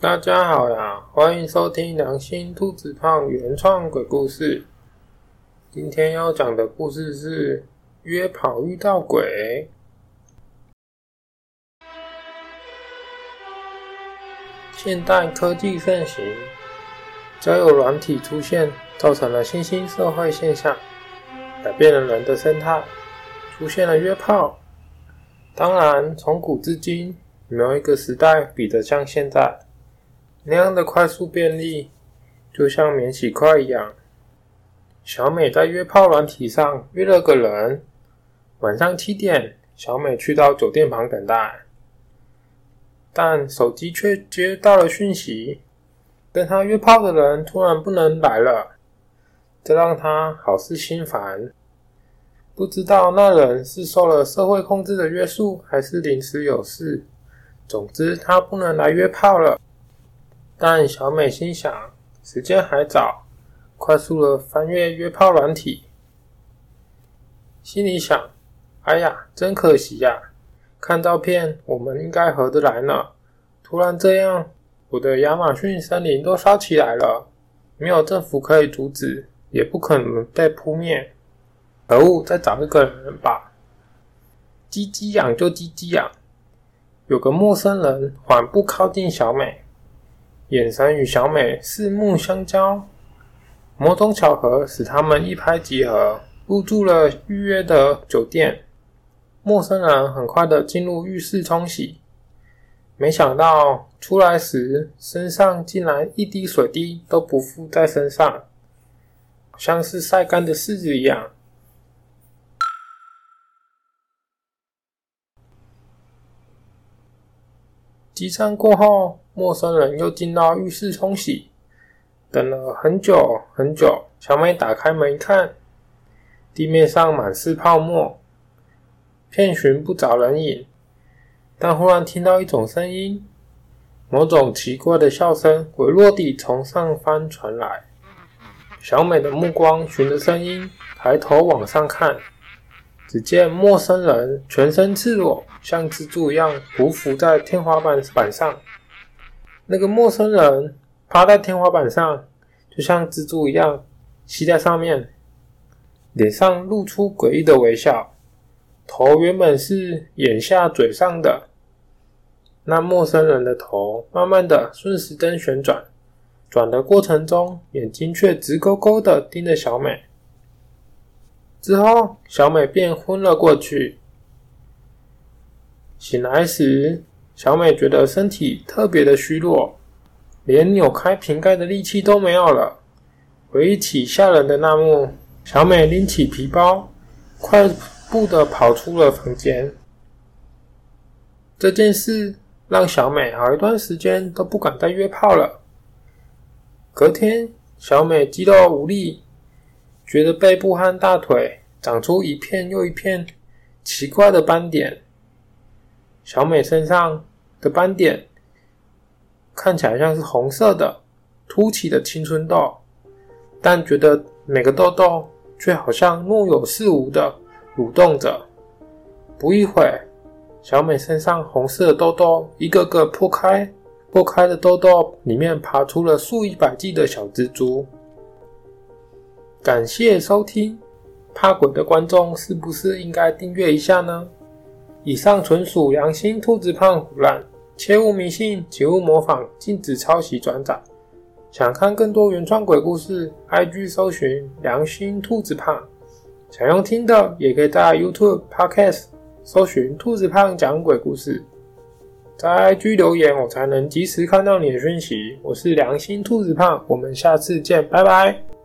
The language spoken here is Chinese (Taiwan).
大家好呀，歡迎收聽《良心兔子胖》原創鬼故事。今天要講的故事是約跑遇到鬼。現代科技盛行，交友軟體出現，造成了新興社會現象，改變了人的生態，出現了約炮。當然，從古至今，有沒有一個時代比得上現在。那樣的快速便利，就像免洗筷一樣。小美在約炮軟體上約了個人，晚上七點，小美去到酒店旁等待，但手機卻接到了訊息，跟她約炮的人突然不能來了，這讓她好似心煩。不知道那人是受了社會控制的約束，還是臨時有事，總之他不能來約炮了。但小美心想，時間還早，快速的翻閱約炮軟體，心裡想：“哎呀，真可惜呀，啊！看照片，我們應該合得來呢。突然這樣，我的亞馬遜森林都燒起來了，沒有政府可以阻止，也不可能被撲滅。可惡，再找一個人吧。”“唧唧癢就唧唧癢。”有個陌生人緩步靠近小美。眼神與小美四目相交，某種巧合使他們一拍即合，入住了預約的酒店。陌生人很快的進入浴室沖洗，沒想到出來時身上竟然一滴水滴都不附在身上，像是曬乾的柿子一樣。激戰過後，陌生人又進到浴室沖洗。等了很久很久，小美打開門一看，地面上滿是泡沫，遍尋不着人影。但忽然聽到一種聲音，某種奇怪的笑聲，微弱地從上方傳來。小美的目光循着聲音抬頭往上看。只見陌生人，全身赤裸，像蜘蛛一樣匍匐在天花板板上。那個陌生人趴在天花板上，就像蜘蛛一樣吸在上面，臉上露出詭異的微笑。頭原本是眼下嘴上的，那陌生人的頭慢慢的順時針旋轉，轉的過程中，眼睛卻直勾勾的盯着小美。之後，小美便昏了過去。醒來時，小美覺得身體特別的虛弱，連扭開瓶蓋的力氣都沒有了。回憶起嚇人的那幕，小美拎起皮包，快步的跑出了房間。這件事讓小美好一段時間都不敢再約炮了。隔天，小美肌肉無力。覺得背部和大腿長出一片又一片奇怪的斑點，小美身上的斑點看起來像是紅色的凸起的青春痘，但覺得每個痘痘卻好像若有似無的蠕動着。不一會，小美身上紅色的痘痘一個個破開，破開的痘痘裡面爬出了數以百計的小蜘蛛。感謝收聽，怕鬼的觀眾是不是應該訂閱一下呢？以上純屬良心兔子胖唬爛，切勿迷信，切勿模仿，禁止抄襲轉載。想看更多原創鬼故事，IG 搜尋良心兔子胖。想用聽的，也可以在 YouTube Podcast 搜尋兔子胖講鬼故事。在 IG 留言，我才能及時看到你的訊息。我是良心兔子胖，我們下次見，拜拜。